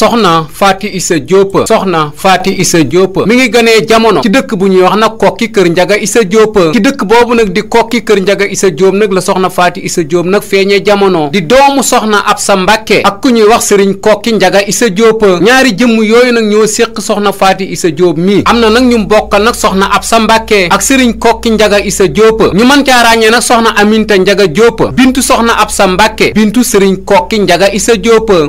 soxna faati sa jóopa soxna faati isa jóopa mi ngi gënee jamono ci dëkk bu ñuy wax nag kokki kër njaga sa jóopa ci dëkk boobu nag di kokki kër njaga isa jóob nag la soxna faati isa jóob nag feeñee jamono di doomu soxna ab sa mbàkke ak ku ñuy wax sëriñ kokki njaga isa jóopa ñaari jëmm yooyu nag ñoo séq soxna faati isa jóob mii am na nag ñu mbokkal nag soxna ab sa mbàkke ak sëriñ kokki njaga isa jóopa ñu mën caa ràññee nag soxna aminta njaga jóopa bintu soxna ab sa mbàkke bintu sëriñ kokki njaga isa jóopa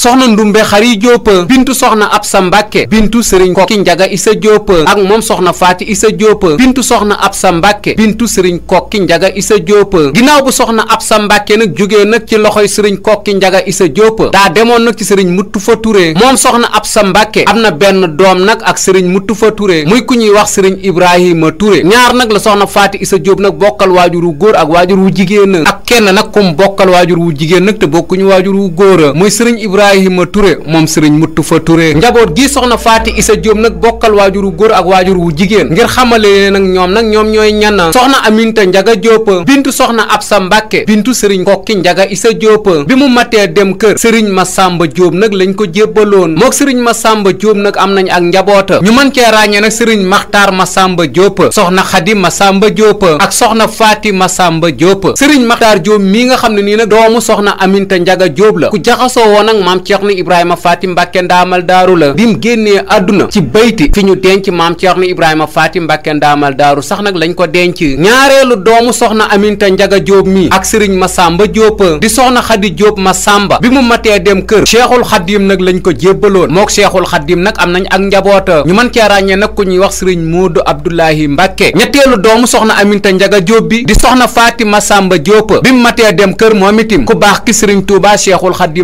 jóopa bintu soxna Absa Mbàkke bintu sëriñ Kokki Njaga sa Jóob ak moom soxna Faati Isa Jóob bintu soxna Absa Mbàkke bintu sëriñ Kokki Njaga Isa Jóob ginnaaw bu soxna sa Mbàkke nag jógee nag ci loxoy sëriñ Kokki Njaga sa Jóob daa demoon nag ci sëriñ Muttu Fa Ture moom soxna sa Mbàkke am na benn doom nag ak sëriñ Muttu Fa Ture muy ku ñuy wax sëriñ Ibrahima Ture ñaar nag la soxna Faati sa Jóob nag bokkal waajur wu góor ak waajur wu jigéen ak kenn nag kum bokkal waajur wu jigéen nag te bokkuñu waajur wu góor muy sëriñ Ibrahima Ture moom sëriñ Moustapha Touré njaboot gi soxna Faty Issa Diop nag bokkal waajuru góor ak waajur wu jigéen ngir xamale leen nag ñoom nag ñoom ñooy ñan soxna Aminta Njaga Diop bintu soxna Absa Mbàkke bintu sëriñ Kokki Njaga Issa Diop bi mu matee dem kër sëriñ Masamba Diop nag lañ ko jébbaloon mook sëriñ Masamba Diop nag am nañ ak njaboota ñu mën cee ràññee nag sëriñ Maxtaar Masamba Diop soxna Xadi Masamba Diop ak soxna Faty Masamba Diop sëriñ Maxtaar Diop mii nga xam ne nii la ku jaxasoo woon ak maam Ceerno Ibrahima Faty Mbàkke Mbàkke ndaamal daaru la bi mu génnee àdduna ci bayti fi ñu denc maam Ceerno Ibrahima Faati Mbàkke ndaamal daaru sax nag lañ ko denc ñaareelu doomu soxna Aminta Njaga Jóob mi ak sëriñ Masamba Jóob di soxna Xadi Jóob Masamba bi mu matee dem kër Cheikhul Xadim nag lañ ko jébbaloon mook Cheikhul Xadim nag am nañ ak njaboota ñu mën cee ràññee nag ku ñuy wax sëriñ Moodu Abdoulahi Mbàkke ñetteelu doomu soxna Aminta Njaga Jóob bi di soxna Faati Masamba Jóob bi mu matee dem kër moom itim ku baax ki sëriñ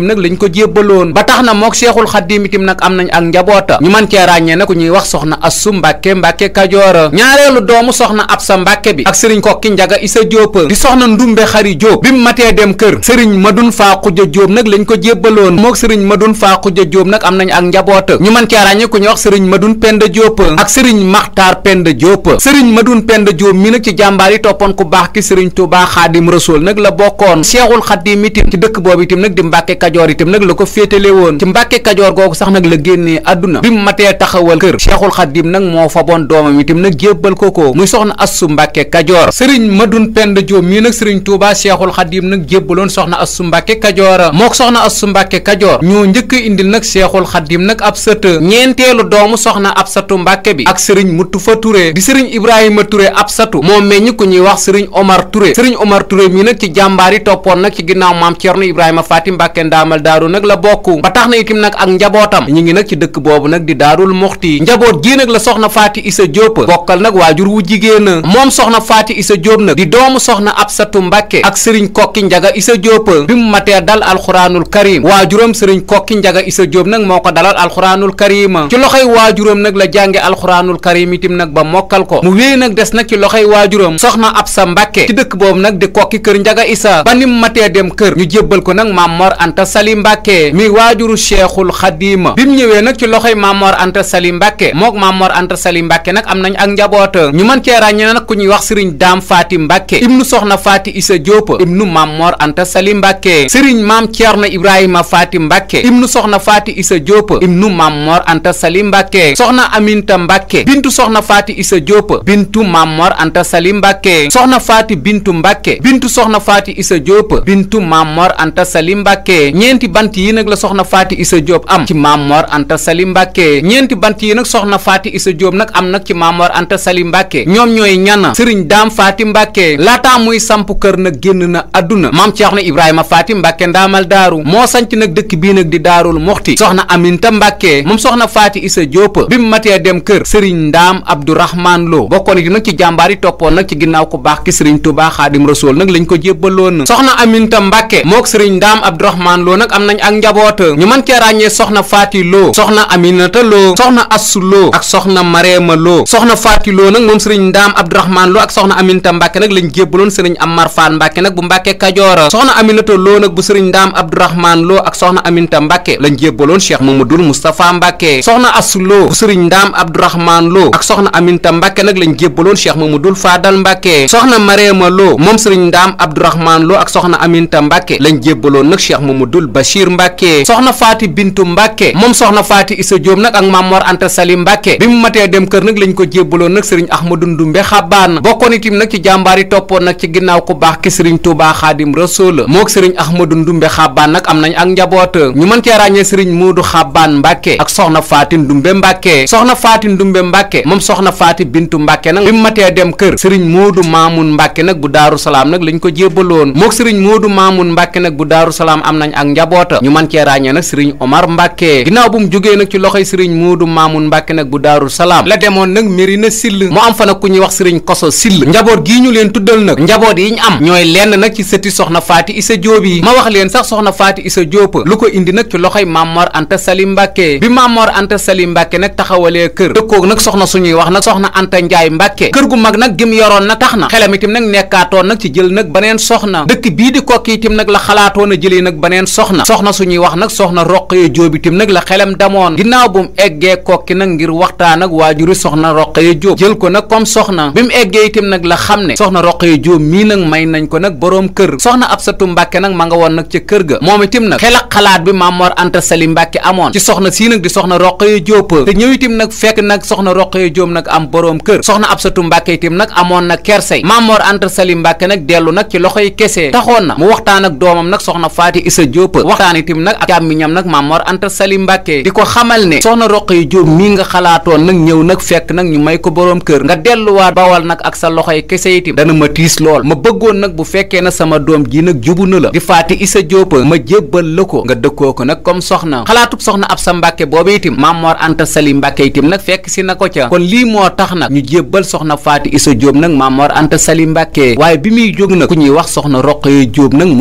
nag lañ ko jébbaloon ba tax na mook Cheikhul Xadim xaddiim itam nag am nañ ak njaboota ñu mën cee ràññee na ku ñuy wax soxna assu mbàkke mbàkke kajoora ñaareelu doomu soxna absa mbàkke bi ak sëriñ kokki njaga isa jóob di soxna ndumbe xari jóob bi mu matee dem kër sëriñ ma dun faa xuja jóob nag lañ ko jébbaloon mook sëriñ madun faa xuja jóob nag am nañ ak njaboota ñu mën cee ràññee ku ñuy wax sëriñ madun penda jóob ak sëriñ maxtaar penda jóob sëriñ madun penda jóob mi nag ci jàmbaar yi toppoon ku baax ki sëriñ tuubaa xaadim rasuul nag la bokkoon seexul xaddiim ci dëkk boobu itam nag di mbàkke kajoor itam nag la ko féetale woon ci mbàkke kajoor feebar googu sax nag la génnee àdduna bi mu matee taxawal kër cheikhul xadim nag moo faboon doomam itam nag jébbal ko ko muy soxna assu mbàkke kajoor sëriñ dun pend jóob mii nag sëriñ tuuba cheikhul xadim nag jébbaloon soxna assu mbàkke kajoora mook soxna assu mbàkke kajoor ñoo njëkk indil nag cheikhul xadim nag ab sët ñeenteelu doomu soxna ab satu mbàkke bi ak sëriñ mu muttu fa turé di sëriñ ibrahima turé ab satu moom meññ ku ñuy wax sëriñ omar turé sëriñ omar turé mii nag ci jàmbaar toppoon nag ci ginnaaw maam ibrahima faati mbàkke ndaamal na njabootam ñi ngi nag ci dëkk boobu nag di daarul muxti njaboot gii nag la soxna faati isa jóob bokkal nag waajur wu jigéen moom soxna faati isa jóob nag di doomu soxna absatu mbàkke ak sëriñ kokki njaga isa jóob bi mu matee dal alxuraanul karim waajuram sëriñ kokki njaga isa jóob nag moo ko dalal alxuraanul karim ci loxoy waajuram nag la jànge alxuraanul karim itim nag ba mokkal ko mu wéy nag des nag ci loxoy waajuram soxna absa mbàkke ci dëkk boobu nag di kokki kër njaga isa ba mu matee dem kër ñu jébbal ko nag maam mor mbàkke mi waajuru cheikhul xadim xaadima bi mu ñëwee nag ci loxoy Mamor Anta Sali Mbàkke mook Mamor Anta Sali Mbàkke nag am nañ ak njaboot ñu mën cee ràññee nag ku ñuy wax sëriñ Daam Faati Mbàkke ibnu soxna Faati Isa Diop ibnu Mamor Anta Sali Mbàkke sëriñ maam Ceerno Ibrahima Faati Mbàkke ibnu soxna Faati Isa Diop ibnu Mamor Anta Sali Mbàkke soxna Aminta Mbàkke bintu soxna Faati Isa Diop bintu Mamor Anta Sali Mbàkke soxna Faati bintu Mbàkke bintu soxna Faati Isa Diop bintu Mamor Anta Sali Mbàkke ñeenti bant yi nag la soxna Faati Isa Diop am ci Maam Mor Anta Sali Mbàkke ñeenti bant yi nag soxna Faati Isa Jóob nag am nag ci Maam Mor Anta Sali Mbàkke ñoom ñooy ñana sëriñ Daam Faati Mbàkke laataa muy samp kër nag génn na àdduna maam Ceerno Ibrahima Faati Mbàkke ndaamal daaru moo sanc nag dëkk bii nag di daarul moxti soxna Aminta Mbàkke moom soxna Faati Isa Jóob bi mu matee dem kër sëriñ Ndaam Abdourahman Lo bokkoon ci nag ci jàmbaar yi toppoon nag ci ginnaaw ku baax ki sëriñ Tuubaa Xaadim Rasuul nag lañ ko jébbaloon soxna Aminta Mbàkke mook sëriñ Ndaam soxna Faati Lo soxna Aminata Lo soxna Assu Lo ak soxna Mareema Lo soxna Faati Lo nag moom sëriñ Ndaam Abdourahmane Lo ak soxna Aminata Mbàkke nag lañ jébbaloon sëriñ Amar Fall Mbàkke nag bu Mbàkke Kajoora soxna Aminata Lo nag bu sëriñ Ndaam Abdourahmane Lo ak soxna Aminata Mbàkke lañ jébbaloon Cheikh Mamadul Moustapha Mbàkke soxna Assu Lo bu sëriñ Ndaam Abdourahmane Lo ak soxna Aminata Mbàkke nag lañ jébbaloon Cheikh Mamadul Fadal Mbàkke soxna Mareema Lo moom sëriñ Ndaam Abdourahmane Lo ak soxna Aminata Mbàkke lañ jébbaloon nag Cheikh Mamadul Bachir Mbàkke soxna Faati Bintu Mbàkke moom soxna Faati Isa Jóob nag ak Maam Mor Anta Sali Mbàkke bi mu matee dem kër nag lañ ko jébbaloon nag sëriñ Ahmadu Ndumbe Xabaan bokkoon itim nag ci jàmbaar yi toppoon nag ci ginnaaw ku baax ki sëriñ Tuubaa Xaadim Rasuul mook sëriñ Ahmadu Ndumbe Xabaan nag am nañ ak njaboot ñu mën cee ràññee sëriñ Muudu Xabaan Mbàkke ak soxna Faati Ndumbe Mbàkke soxna Faati Ndumbe moom soxna Faati Bintu Mbàkke nag bi mu dem kër sëriñ Muudu Maamun Mbàkke nag bu Daaru Salaam nag lañ ko jébbaloon mook sëriñ Muudu Maamun Mbàkke nag bu Daaru Salaam am nañ ak njaboota ñu mën cee ràññee nag sëriñ Omar Mbàkke Mbàkke ginnaaw bu mu jógee nag ci loxoy sëriñ Muudu Maamun Mbàkke nag bu Daaru Salaam la demoon nag Mérina Sill mu am fa nag ku ñuy wax sëriñ Koso Sill njaboot gii ñu leen tuddal nag njaboot yi ñu am ñooy lenn nag ci sëti soxna Faati Isa Jóob yi ma wax leen sax soxna Faati Isa Jóob lu ko indi nag ci loxoy Mamor Anta Sali Mbàkke bi Mamor Anta Sali Mbàkke nag taxawalee kër dëkkoog nag soxna suñuy wax nag soxna na na xelam itam nag nekkaatoon nag ci jël nag baneen soxna dëkk bii di kokki itam nag la xalaatoon a jëlee nag baneen soxna soxna suñuy wax nag soxna Roqaya bitim nag la xelam damoon ginnaaw bu mu eggee kokki nag ngir waxtaan ak waajuri soxna Roqaya Jóob jël ko nag comme soxna bi mu la xam ne soxna Roqaya Jóob mii nag may nañ ko nag boroom kër soxna Absatu Mbàkke nag ma nga woon nag ca kër ga moom itam nag xel ak xalaat bi Maam Mor Anta Sali Mbàkke amoon ci soxna sii nag di soxna Roqaya Jóob te ñëw itam nag fekk nag soxna Roqaya Jóob nag am boroom kër soxna Absatu Mbàkke itam nag amoon na kersey Maam Mor Anta Sali Mbàkke nag dellu nag ci loxoy kese taxoon na mu waxtaan ak doomam nag soxna Faati Isa Jóob waxtaan itam nag ak càmmiñam nag Maam Mor Anta Anta Sali di ko xamal ne soxna Roqaya Jóob mii nga xalaatoon nag ñëw nag fekk nag ñu may ko boroom kër nga delluwaat bawal nag ak sa loxo loxoy kese itam dana ma tiis lool ma bëggoon nag bu fekkee na sama doom ji nag jubu na la di faati Isa Jóob ma jébbal la ko nga dëkkoo ko nag comme soxna xalaatub soxna ab sa Mbàkke boobu itam Maamoor Anta Sali Mbàkke itam nag fekk si na ko ca kon lii moo tax nag ñu jébbal soxna faati Isa Jóob nag Maamoor Anta Sali Mbàkke waaye bi muy jóg nag ñuy wax soxna Roqaya Jóob nag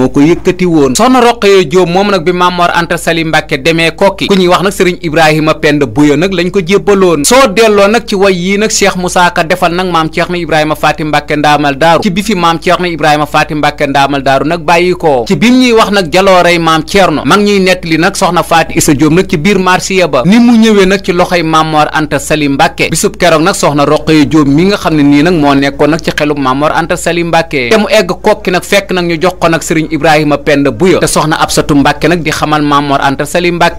nag bi ne kokki ku ñuy wax nag sëriñ ibrahima pend buyo nag lañ ko jébbaloon soo delloo nag ci way yii nag cheikh moussa ka defal nag maam ceerno ibrahima faati mbàkke ndaamal daaru ci bi fi maam ceerno ibrahima faati mbàkke ndaamal daaru nag bàyyi ko ci bim ñuy wax nag jaloorey maam ceerno mag ñuy nettali nag soxna faati isa jóob nag ci biir marsiya ba ni mu ñëwee nag ci loxoy mamor anta sali mbàkke bisub keroog nag soxna roqoye jóob mi nga xam ne nii nag moo nekkoon nag ci xelub mamor anta sali mbàkke te mu egg kokki nag fekk nag ñu jox ko nag sëriñ ibrahima pend buyo te soxna absatu mbàkke nag di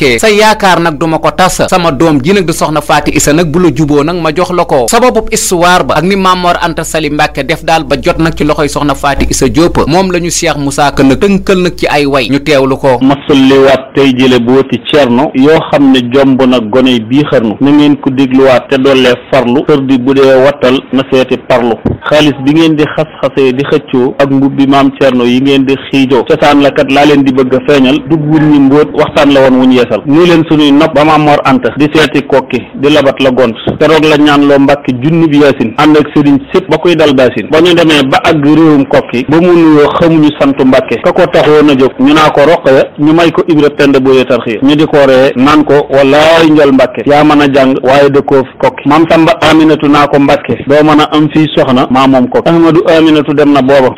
mbàkke sa yaakaar nag duma ko tas sama doom ji nag di soxna faati isa nag bu la juboo nag ma jox la ko sababub histoire ba ak ni Mamor Anta Sali Mbàkke def daal ba jot nag ci loxoy soxna faati isa Diop moom la ñu Cheikh Moussa Ka nag tënkal nag ci ay way ñu teewlu ko masulliwaat tey jële booti cerno yoo xam ne jomb na gone bii xarnu na ngeen ko dégluwaat te dollee farlu sër di bu dee wattal na seeti parlu xaalis bi ngeen di xas-xasee di xëccoo ak mbubbi la kat laa leen a feeñal dug seetal nuy leen sunuy nopp ba ma mor anta di seeti kokki di labat la gont keroog la ñaan loo mbàkki junni bi yaasin ànd ak sëriñ sëpp ba koy dal baasin ba ñu demee ba àgg réewum kokki ba mu nuyoo xamuñu santu mbàkke ka ko taxoon a jóg ñu naa ko roqaya ñu may ko ibra pend booyee tarxiya ñu di ko ree naan ko wallaay njol mbàkke yaa mën a jàng waaye dëkkoo kokki mam samba aminatu naa ko mbàkke doo mën a am fii soxna maa kokki ahmadu aminatu dem na booba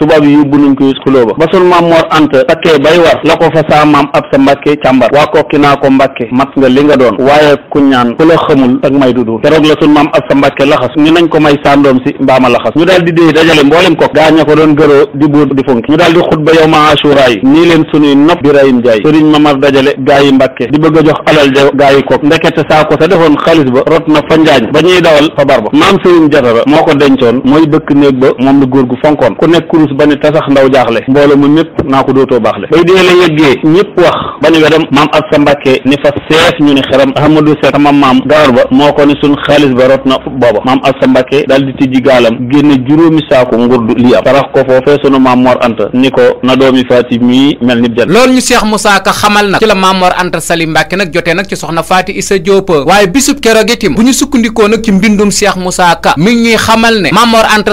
naa ko mbàkke mat nga li nga doon waaye ku ñaan ku la xamul ak may du duur keroog la sun maam ab sa mbàkke laxas ñu nañ ko may sandoom si mbaama laxas ñu daal di déey dajale mboolem ma asura yi nii di rayim jaay sëriñ mamar a jox ko sa defoon xaalis ba rot na fa njaañ ba ñuy dawal fa bar ba maam sëriñ jatara moo ko dencoon mooy bëkk néeg ba moom la góor gu fonkoon ba ne tasax ndaw jaaxle mboolo mu ñëpp naa ko dootoo baaxle bay dee la yeggee ñëpp wax bañu wedam maam ab sa mbàkke Mbàkke ni fa sees ñu ne xeram Ahmadou Seck sama maam gawar ba moo ko ni suñ xaalis ba rot na booba maam Asta Mbàkke daal di tijji gaalam génne juróomi saako ngurdu li am sarax ko foofee sunu maam Mor Anta ni ko na doomi Faati mii mel ni jant loolu ñu Cheikh Moussa Ka xamal nag ci la maam Mor Anta Sali Mbàkke nag jotee nag ci soxna Faati Isa Diop waaye bisub keroog itam bu ñu sukkandikoo nag ci mbindum Cheikh Moussa Ka ñuy xamal ne maam Mor Anta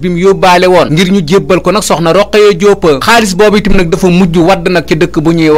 bi mu yóbbaale woon ngir ñu jébbal ko nag soxna Roqaya Diop xaalis boobu itam nag dafa mujj wadd nag ci dëkk bu ñuy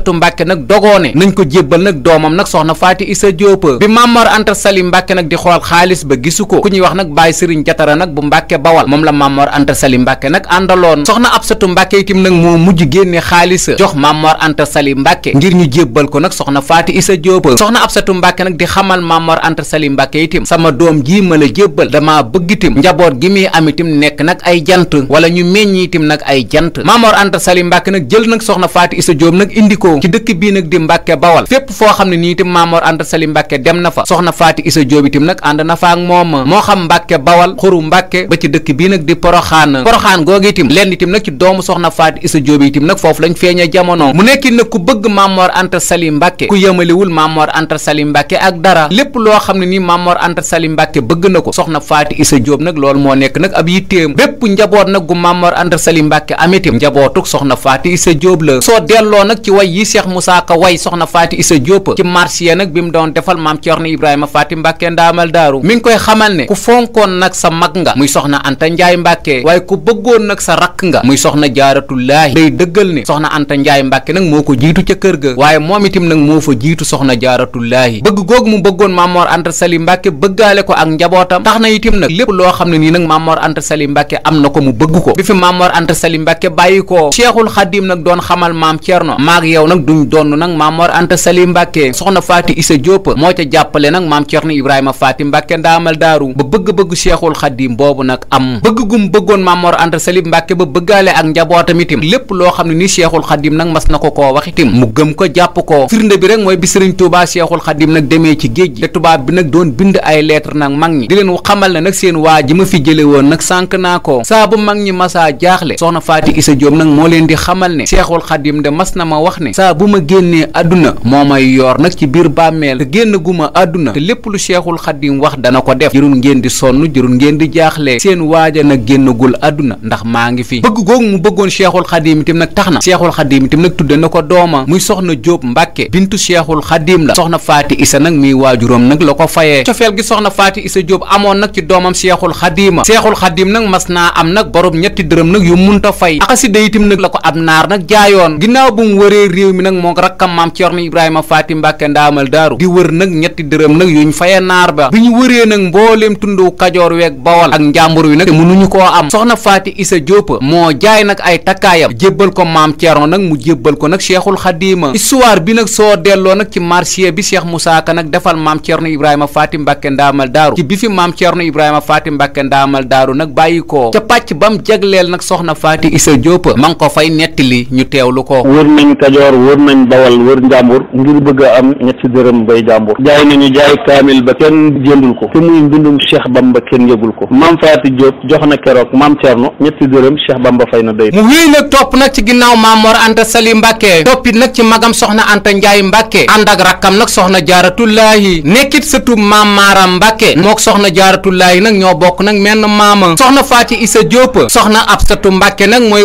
Aminsatu Mbàkke nag dogoone nañ ko jébbal nag doomam nag soxna Faati Isa Diop bi Mamor Anta Sali Mbàkke nag di xaalis ba gisu ko ku ñuy wax nag Baay Sëriñ Jatara nag bu Mbàkke Bawal moom la Mamor Anta Sali Mbàkke nag àndaloon soxna Absatu Mbàkke itam nag moo mujj génne xaalisa jox Mamor Anta Sali Mbàkke ngir ñu jébbal ko nag soxna Faati Isa Diop soxna Absatu Mbàkke nag di xamal Mamor Anta Sali Mbàkke itam sama doom jii ma la jébbal damaa bëgg itam njaboot gi muy am itam nekk nag ay jant wala ñu meññ itam nag ay jant Mamor Anta Sali Mbàkke nag jël nag soxna Faati Isa nag indi ko ci dëkk bii nag di Mbàkke Bawal fépp foo xam ne nii itam Maamoor Anta Sali Mbàkke dem na fa soxna Faati Isa Jóob itam nag ànd na fa ak moom moo xam Mbàkke Bawal xuru Mbàkke ba ci dëkk bii nag di Poroxaan Poroxaan googu itam lenn itam nag ci doomu soxna Faati Isa Jóob itam nag foofu lañ feeña jamono mu nekki nag ku bëgg Maamoor Anta Sali Mbàkke ku yëmaliwul Maamoor Anta Sali Mbàkke ak dara lépp loo xam ne nii Maamoor Anta Sali Mbàkke bëgg na ko soxna Faati Isa Jóob nag loolu moo nekk nag ab yitteem bépp njaboot nag gu Maamoor Anta Sali Mbàkke am itam njabootuk soxna Faati Isa la soo delloo nag ci way yi Cheikh Moussa Ka way soxna Faati Isa Diop ci marché ya nag bi mu doon defal maam Cerno Ibrahima Faati Mbàkke ndaamal daaru mi ngi koy xamal ne ku fonkoon nag sa mag nga muy soxna Anta Njaay Mbàkke waaye ku bëggoon nag sa rakk nga muy soxna Jaaratullaahi day dëggal ne soxna Anta Njaay Mbàkke nag moo ko jiitu ca kër ga waaye moom itam nag moo fa jiitu soxna Jaaratullaahi bëgg googu mu bëggoon Maam Mor Anta Sali Mbàkke bëggaale ko ak njabootam tax na itam nag lépp loo xam ne nii nag Maam Mor Anta Sali Mbàkke am na ko mu bëgg ko bi fi Maam Mor Anta Sali nag du donn nag maam Mor Anta Sali Mbàkke soxna Faati Isa Diop moo ca jàppale nag maam Cerno Ibrahima Faati Mbàkke ndaamal daaru ba bëgg-bëgg Seexul Xadiim boobu nag am bëgg bëggoon maam Mor Anta Sali Mbàkke ba bëggaale ak njabootam itam lépp loo xam ne ni Seexul Xadiim nag mas na ko koo wax itam mu gëm ko jàpp ko firnde bi rek mooy bi Sëriñ Tuubaa Seexul Xadiim nag demee ci géej gi tubaab bi nag doon bind ay lettre nag mag ñi di leen xamal ne nag seen waa ji ma fi jële woon nag sànk naa ko saa mag ñi masaa jaaxle soxna Faati Isa Diop nag moo leen di xamal ne Seexul Xadiim de mas na ma wax ne saa bu ma génnee àdduna moo may yoor nag ci biir bàmmeel lépp lu seexul xaddim wax dana ko def jërul ngeen di sonn jërul ngeen di jaaxle seen waaja nag génnagul àdduna ndax maa ngi fi bëgg googu mu bëggoon seexul xaddim itam nag tax na seexul xaddim itam nag tudde na ko dooma muy soxna Jóob Mbàkke bintu seexul xaddim la soxna Faati Isa nag muy waajuram nag la ko fayee cofeel gi soxna Faati Isa Jóob amoon nag ci doomam seexul xaddiima seexul xaddim nag mas naa am nag borom ñetti dërëm nag yu munta fay axasida itam nag la ko ab naar nag jaayoon ginnaaw bu mu wëree réew réew mi nag moo rakkam maam Ceerno Ibrahima Faati Mbàkke ndaamal daaru di wër nag ñetti dërëm nag yuñ faye naar ba bi ñu wëree nag mbooleem tundu kajoor weeg bawal ak njàmbur wi nag te mënuñu koo am soxna Faati Isa Jóob moo jaay nag ay takkaayam jébbal ko maam Ceerno nag mu jëbbal ko nag Cheikhul Xadiima histoire bi nag soo delloo nag ci marché bi Cheikh Moussa nag defal maam Ceerno Ibrahima Faati Mbàkke ndaamal daaru ci bi fi maam Ceerno Ibrahima Faati Mbàkke ndaamal daaru nag bàyyi koo ca pàcc ba mu jagleel nag soxna Faati Isa Jóob man ko fay nettali ñu teewlu Kajoor wër nañ bawal wër njàmbur ngir bëgg a am ñetti dërëm bay jàmbur jaay nañu jaay kaamil ba kenn jëndul ko te muy mbindum Cheikh Bamba kenn yëgul ko maam Faati Diop jox na keroog maam Thierno ñetti dërëm Cheikh Bamba fay na day mu wéy nag topp nag ci ginnaaw maam Mor Anta Sali Mbàkke toppit nag ci magam soxna Anta Njaay Mbàkke ànd ak rakkam nag soxna jaaratullaahi nekkit sëtub maam Maaram Mbàkke hmm? mook soxna jaaratullaahi nag ñoo bokk nag soxna Faati Isa Diop Mbàkke nag mooy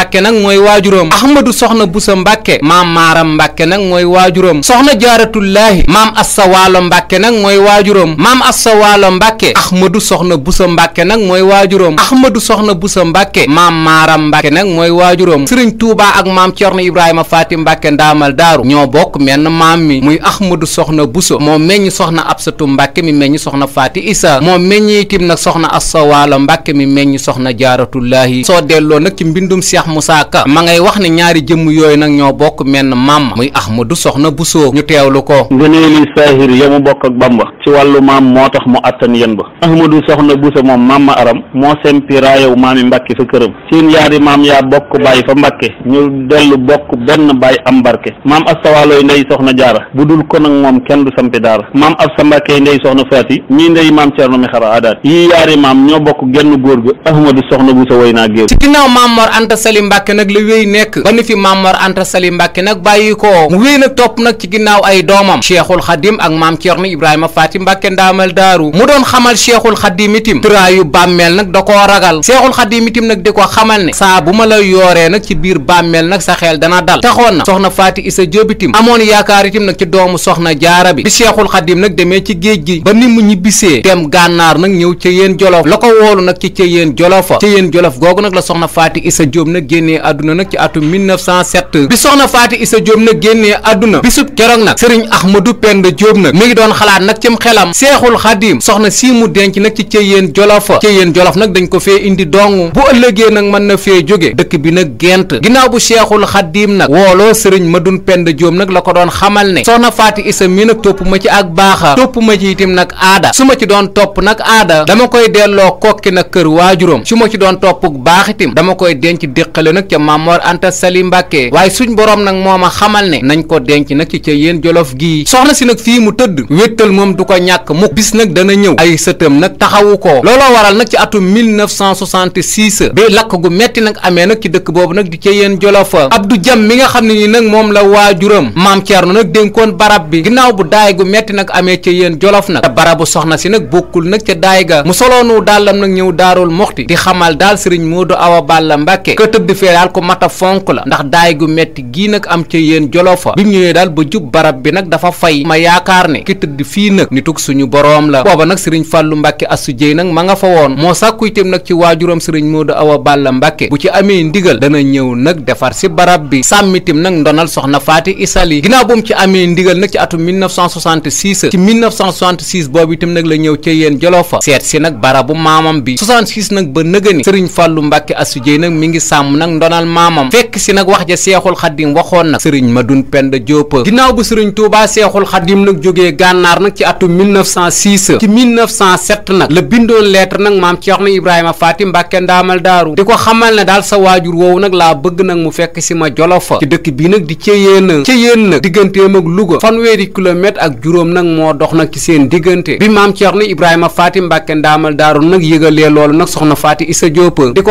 Mbàkke nag mooy waajuram Ahmadu soxna Busa Mbàkke maam Maaram Mbàkke nag mooy waajuram soxna Jaaratullaahi maam Assa Waalo Mbàkke nag mooy waajuram maam Assa Waalo Mbàkke Ahmadu soxna Busa Mbàkke nag mooy waajuram Ahmadu soxna Busa Mbàkke maam Maaram Mbàkke nag mooy waajuram Sëriñ Tuubaa ak maam Cerno Ibrahima Faati Mbàkke ndaamal daaru ñoo bokk menn maam mi muy Ahmadu soxna Busa moo meññ soxna Absatu Mbàkke mi meññ soxna Faati Isa moo meññ itim nag soxna Assa Waalo Mbàkke mi meññ soxna Jaaratullaahi soo delloo nag ci mbindum Seex Moussa Ka ma ngay wax ne ñaari jëmm yooyu nag ñoo bokk menn maam muy Ahmadou Soxna Bousso ñu lu ko ngëneeli saahir ya mu bokk ak Bamba ci wàllu maam moo tax mu attan yen ba Ahmadou Soxna Bousso moom maam ma aram moo sempi raayow maami Mbàkke fa këram seen yaari maam yaa bokk bàyyi fa Mbàkke ñu dellu bokk benn bàyyi am barke maam astawalooy ndey soxna jaara bu dul kon ak moom kenn du sampi daara maam ab sa Mbàkke ndey soxna faati ñii ndey maam Cerno mi xara aadaat yii yaari maam ñoo bokk genn góor ga Ahmadou Soxna Bousso woy naa géer ci ginnaaw maam Mor Anta Sali Mbàkke nag la wéy nekk ba ni fi Maam Mor Anta Sali Mbàkke nag bàyyi ko mu wéy nag topp nag ci ginnaaw ay doomam Cheikhul Xadim ak Maam Cerno Ibrahima Faati Mbàkke ndaamal daaru mu doon xamal Cheikhul Xadim itim turaayu bàmmeel nag da koo ragal Cheikhul Xadim itim nag di ko xamal ne saa bu ma la yooree nag ci biir bàmmeel nag sa xel dana dal taxoon na soxna Faati Isa Jóob itim amoon yaakaar itim nag ci doomu soxna jaara bi bi Cheikhul Xadim nag demee ci gi ba ni mu ñibbisee dem gànnaar nag ñëw ca yéen jolof la ko woolu nag ci ca génnee àdduna nag ci atum 1907 bi soxna Faati Isa Diop na génnee àdduna bisub keroog nag sëriñ Ahmadou Penda Diop nag mi ngi doon xalaat nag cim xelam seexul xadim soxna sii mu denc nag ci Ceyeen Jolof Ceyeen Jolof nag dañ ko fee indi dong bu ëllëgee nag mën na fee jóge dëkk bi nag gent ginnaaw bu seexul xadim nag wooloo sëriñ Madun Penda Diop nag la ko doon xamal ne soxna Faati Isa mi nag topp ma ci ak baaxa topp ma ci itim nag aada su ma ci doon topp nag aada dama koy delloo kokki nag kër waajuram su ma ci doon topp baaxitim dama koy denc déq jàqale nag ca Mamor Anta Sali Mbàkke waaye suñ boroom nag ko denc nag ci ca yéen jolof gii soxna si nag fii mu tëdd wéttal moom du ko ñàkk mukk lakk gu metti nag amee nag ci dëkk boobu nag di ca yéen jolofa Abdou mi nga xam ne ni nag moom la waajuram maam Thierno nag dénkoon barab bi ginnaaw bu daay gu metti nag amee ca yéen jolof nag te barabu soxna si nag bokkul nag ca daay ga mu soloonu dàllam nag ñëw daarul moxti di xamal daal sëriñ Modou Awa Balla Mbàkke de fee daal ko mat a fonk la ndax daay gu metti gii nag am ca yéen jolofa bi mu ñëwee daal ba jub barab bi nag dafa fay ma yaakaar ne ki tëdd fii nag nitug suñu boroom la booba nag sëriñ fàllu mbàkke asu jéy nag ma nga fa woon moo sàkku itam nag ci waajuram sëriñ moodu awa balla mbàkke bu ci amee ndigal dana ñëw nag defar si barab bi sàmmitim nag ndonal soxna faati isali ginnaaw bu mu ci amee ndigal nag ci atu 1966 ci 1966 boobu itam nag la ñëw ca yéen jolofa seet si nag barabu maamam bi 66 nag ba nëgëni sëriñ fàllu mbàkke asu jéy nag mi ngi sàmm nag ndonal maamam fekk si nag wax ja seexul xaddim waxoon nag sëriñ Madoune Penda Diop ginnaaw bu sëriñ Touba seexul xaddim nag jógee gànnaar nag ci atum 1906 ci 1907 nag la bindoon lettre nag maam Ceerno Ibrahima Faati Mbàkke ndaamal daaru di ko xamal ne daal sa waajur woowu nag laa bëgg nag mu fekk si ma jolofa ci dëkk bi nag di ceyeen ceyeen nag digganteem ak Louga fanweeri kilomètre ak juróom nag moo dox nag ci seen diggante bi maam Ceerno Ibrahima Faati Mbàkke ndaamal daaru nag yëgalee loolu nag soxna Faati Isa Diop di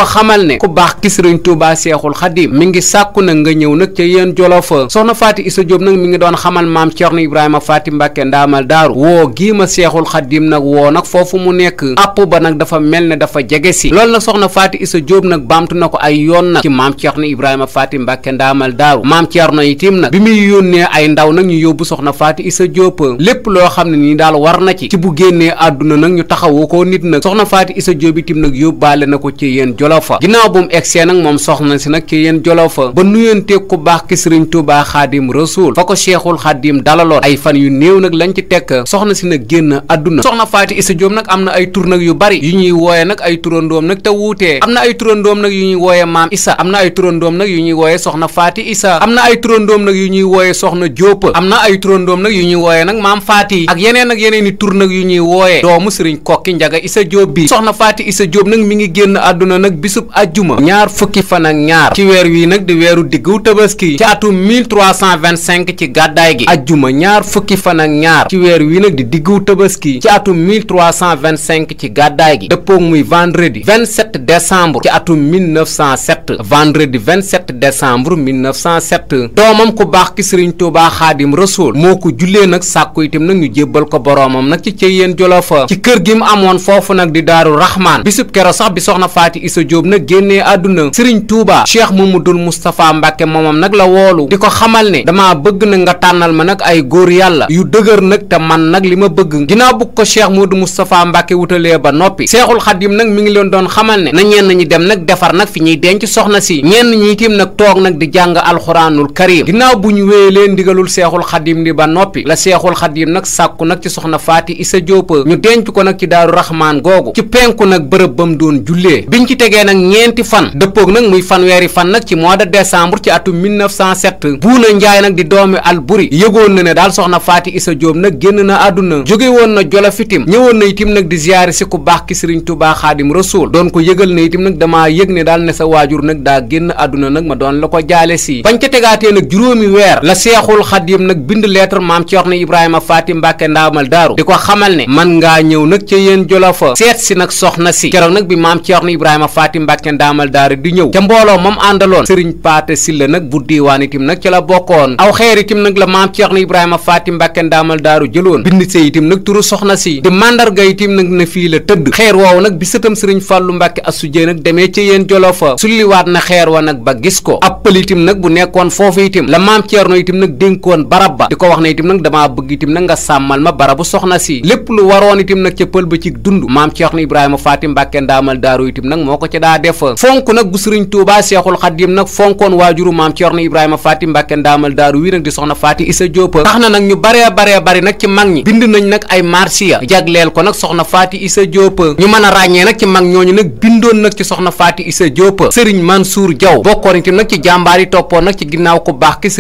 ko Touba Seexul Xadim mi ngi sàkku nag nga ñëw nag ca yéen Jolof soxna Faati Isa Jóob nag mi ngi doon xamal maam Ceerno Ibrahima Faati Mbàkke ndaamal daaru woo gii ma Seexul Xadim woo nag foofu mu nekk àpp ba nag dafa mel ne dafa jege si loolu nag soxna Faati Isa Jóob nag baamtu na ko ay yoon nag ci maam Ceerno Ibrahima Faati Mbàkke ndaamal daaru maam Ceerno itim nag bi muy yónnee ay ndaw nag ñu yóbbu soxna Faati Isa Jóob lépp loo xam ne nii daal war na ci ci bu génnee àdduna nag ko nit nag soxna Faati Isa itim nag yóbbaale na ko ci yéen Jolof ginnaaw bu mu egsee nag moom soxna si nag ci yéen jolof fa ba nuyonteeg ku baax ki sëriñ Tuubaa xaadim rasuul fa ko Seexul Xaadim dalaloon ay fan yu néew nag lañ ci tekk soxna si nag génn àdduna soxna Faati Isa Jóob am na ay tur nag yu bari yu ñuy wooye nag ay turandoom nag te wuutee am na ay turandoom nag yu ñuy wooye maam Isa am na ay turandoom nag yu ñuy wooye soxna Faati Isa am na ay turandoom nag yu ñuy wooye soxna Jóob am na ay turandoom nag yu ñuy wooye nag maam Faati ak yeneen ak yeneen i tur nag yu ñuy wooye doomu sëriñ Kokki Njaga Isa Jóob bi soxna Faati Isa Jóob nag mi ngi génn àdduna nag bisub àjjuma ñaar fukki fan ak ñaar ci weer wii nag di weeru diggu tabaski ci atum 1325 ci gàddaay gi ajjuma ñaar fukki fan ak ñaar ci weer wii nag di diggu tabaski ci atum 1325 ci gàddaay gi dëppoog muy vendredi 27 décembre ci atum 1907 vendredi 27 décembre 1907 doomam ku baax ki sëriñ Tuubaa Xaadim Rasuul moo ko jullee nag sàkku itam nag ñu jébbal ko boroomam nag ci Ceyeen Jolofa ci kër gi mu amoon foofu nag di Daaru Raxmaan bisub kero sax bi soxna Faati Isa Jóob nag génnee àdduna sëriñ sëriñ Touba cheikh Mamadul Moustapha Mbacke moomam nag la woolu di ko xamal ne damaa bëgg na nga tànnal ma nag ay góor yàlla yu dëgër nag te man nag li ma bëgg ginnaaw bu ko cheikh Modou Moustapha Mbacke wutalee ba noppi seexul xadim nag mi ngi leen doon xamal ne na ñenn ñi dem nag defar nag fi ñuy denc soxna si ñenn ñi itim nag toog nag di jàng alxuraanul karim ginnaaw bu ñu wéyee leen ndigalul seexul xadim li ba noppi la seexul xadim nag sàkku nag ci soxna Faati Isa Diop ñu denc ko nag ci daaru raxmaan googu nag bërëb bam doon jullee biñ muy fanweeri fan nag ci mois de décembre ci atum 1907 buuna njaay nag di doomi alburi yëgoon na ne daal soxna faati isa jóob nag génn na àdduna jóge woon na jolof itim ñëwoon na itim nag di ziyaari si ku baax ki sëriñ tubaa xaadim rasuul doon ko yëgal na itim nag damaa yëg ne daal ne sa waajur nag daa génn àdduna nag ma doon la ko jaale si bañ ca tegaatee nag juróomi weer la seexul xadim nag bind lettre maam Cerno ibrahima faati mbàkke ndaamal daaru di ko xamal ne man ngaa ñëw nag ca yéen jolofa seet si nag soxna si keroog nag bi maam Cerno ibrahima faati mbàkke ndaamal daaru di ñëw ca mbooloo moom àndaloon sëriñ paate silla nag bu diiwaan itim nag ci la bokkoon aw xeer itim nag la maam Ceerno Ibrahima Faati Mbàkke ndaamal daaru jëloon bind see itim nag turu soxna si di màndarga itim nag na fii la tëdd xeer woowu nag bi sëtam sëriñ fàllu mbàkke asu jee nag demee ca yéen jolo fa sulliwaat na xeer wa nag ba gis ko appal itim nag bu nekkoon foofu itim la maam Ceerno itim nag dénkoon barab ba di ko wax ne itim nag damaa bëgg itim nag sàmmal ma barabu soxna si lépp lu waroon itim nag ca pël ba ci dund maam Ceerno Ibrahima Faati Mbàkke ndaamal daaru itim nag moo ko ca daa def fonk nag gu sëriñ Touba Seexul Xaddim nag fonkoon waajuru maam Ceerno Ibrahima Faty Mbàkke ndaamal daaru wii nag di soxna Faty Issa Diop na nag ñu baree baree bari nag ci mag ñi bind nañ nag ay marsiya jagleel ko nag soxna Faty Issa a ràññee nag ci mag ñooñu ci soxna Faty Issa Diop Serigne Mansour Diaw bokkoon itam nag ci jàmbaar yi toppoon nag ci ginnaaw ku baax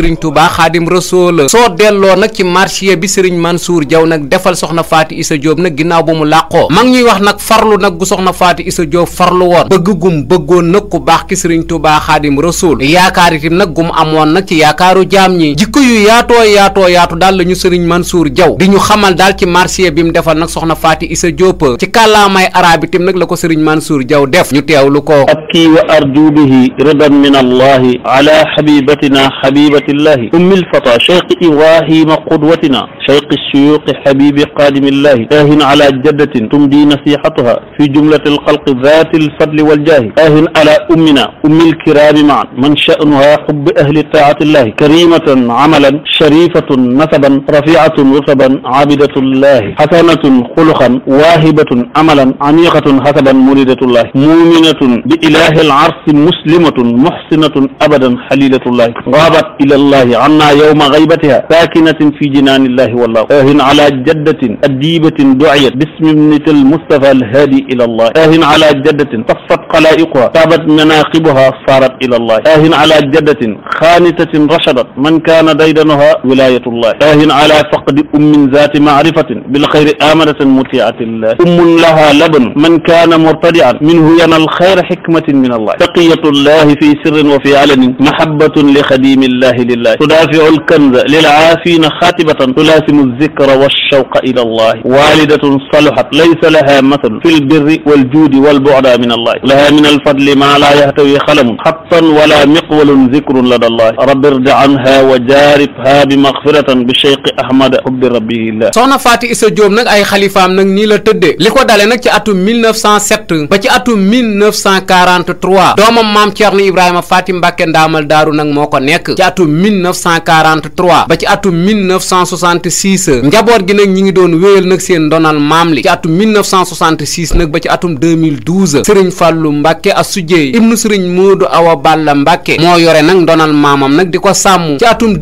mu làqoo mag ñuy wax nag farlu nag gu soxna Faty Issa Diop farlu woon bëgg gum bëggoon nag ku baax ki sëriñ tubaa xaadim rasuul yaakaar itam nag gum amoon nag ci yaakaaru jaam ñi jikko yu yaatoo yaatoo yaatu daal la ñu sëriñ Mansour Jaw di ñu xamal daal ci marché bi mu defal nag soxna Faati Isa Diop ci kàllaamay arab itam nag la ko sëriñ Mansour Jaw def ñu teewlu ko abki wa arju bihi ridan min allahi ala habibatina habibatillahi ummil fata cheikh ibrahima qudwatina cheikh shuyuqi habibi qaadimillahi ahin ala jaddatin tumdi nasihataha fi jumlati alxalqi dhati alfadli waljaahi ahin ala ummina أم الكرام معا من شأنها حب أهل طاعة الله كريمة عملا شريفة نسبا رفيعة رتبا عابدة الله حسنة خلقا واهبة أملا عميقة حسبا مريدة الله مؤمنة بإله العرش مسلمة محسنة أبدا حليلة الله غابت إلى الله عنا يوم غيبتها ساكنة في جنان الله والله آه على جدة أديبة دعيت باسم ابنة المصطفى الهادي إلى الله آه على جدة طفت قلائقها تابت مناخ تعقبها صارت إلى الله آه على جدة خانتة رشدت من كان ديدنها ولاية الله آه على فقد أم ذات معرفة بالخير آمنة مطيعة الله أم لها لبن من كان مرتدعا منه ينال الخير حكمة من الله تقية الله في سر وفي علن محبة لخديم الله لله تدافع الكنز للعافين خاتبة تلاسم الذكر والشوق إلى الله والدة صلحت ليس لها مثل في البر والجود والبعد من الله لها من الفضل ما لا يهتم yastawi xalam xattan wala miqwalun zikrun lada allah rabbi irdi anha wa jaaribha bi maxfiratan bi cheikh ahmad hubbi rabbihi la soxna faati isa jóob nag ay xalifaam nag nii la tëddee li ko dalee nag ci atum 1907 ba ci atum 1943 doomam maam ceerno ibrahima faati mbàkke ndaamal daaru nag moo ko nekk ci atum 1943 ba ci atum 1966 njaboot gi nag ñi ngi doon wéyal nag seen donal maam li ci atum 1966 nag ba ci atum 2012 sëriñ fàllu mbàkke a sujjeey ibnu sëriñ Moodu Awa Balla Mbàkke moo yore nag ndonal maamam nag di ko sàmm ci atum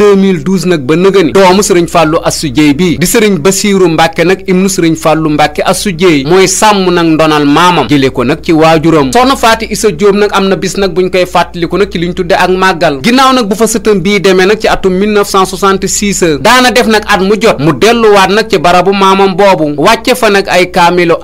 nag ba nëgëni doomu sëriñ Fàllu Assu bii di sëriñ Basiiru Mbàkke nag ibnu sëriñ Fàllu Mbàkke Assu mooy sàmm nag ndonal maamam jële ko nag ci waajuram soxna Faati Isa Jóob nag am na bis nag buñ koy fàttaliku nag ci liñ tudde ak màggal ginnaaw nag bu fa sëtam bii demee nag ci atum 1966 daana def nag at mu jot mu delluwaat nag ci barabu maamam boobu wàcce fa nag ay kaamilu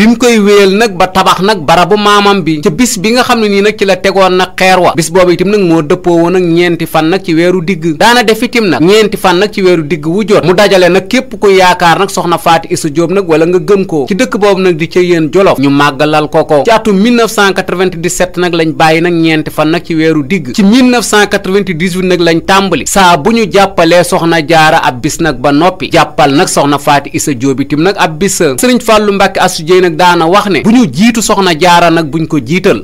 mu koy wéyal nag ba tabax nag barabu maamam bi ca bis bi nga xam ne nii nag ci la tegoon nag xeer wa bis boobu itam nag moo dëppoo woon ak ñeenti fan nag ci weeru digg daana def itam nag ñeenti fan nag ci weeru digg wu mu dajale nag képp ku yaakaar nag soxna Faati Isa nag wala nga gëm ko ci dëkk boobu nag di ca yéen Jolof ñu màggalal ko ko ci atum 1997 nag lañ bàyyi nag ñeenti fan nag ci weeru digg ci 1998 nag lañ tàmbali saa bu ñu jàppalee soxna jaara ab bis nag ba noppi jàppal nag soxna Faati Isa Jóob itam nag ab bis sëriñ Fàllu Mbàkke Asu Jéy nag daana wax ne bu ñu jiitu soxna jaara nag buñ ko jiital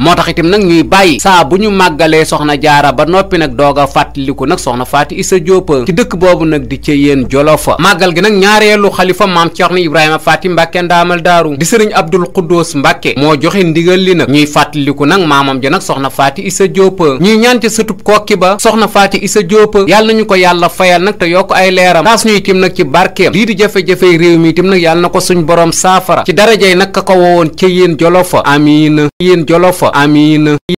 bàyyi saa bu ñu màggalee soxna jaara ba noppi nag doog a fàttaliku nag soxna faati isa Diop ci dëkk boobu nag di ca yéen jolofa màggal gi nag ñaareelu xalifa maam Cerno Ibrahima Faati Mbàkke ndaamal daaru di sëriñ Abdul Xuddoos Mbàkke moo joxe ndigal li nag ñuy fàttaliku nag maamam ji nag soxna faati isa Diop ñuy ñaan ca sëtub kokki ba soxna faati isa Diop yàlla nañu ko yàlla fayal nag te yokk ay leeram taas ñuy tim nag ci barkeem lii di jafe-jafey réew mi tim nag yàlla na ko suñ borom saafara ci darajey nag ka ko wowoon ca yéen jolofa amiin yéen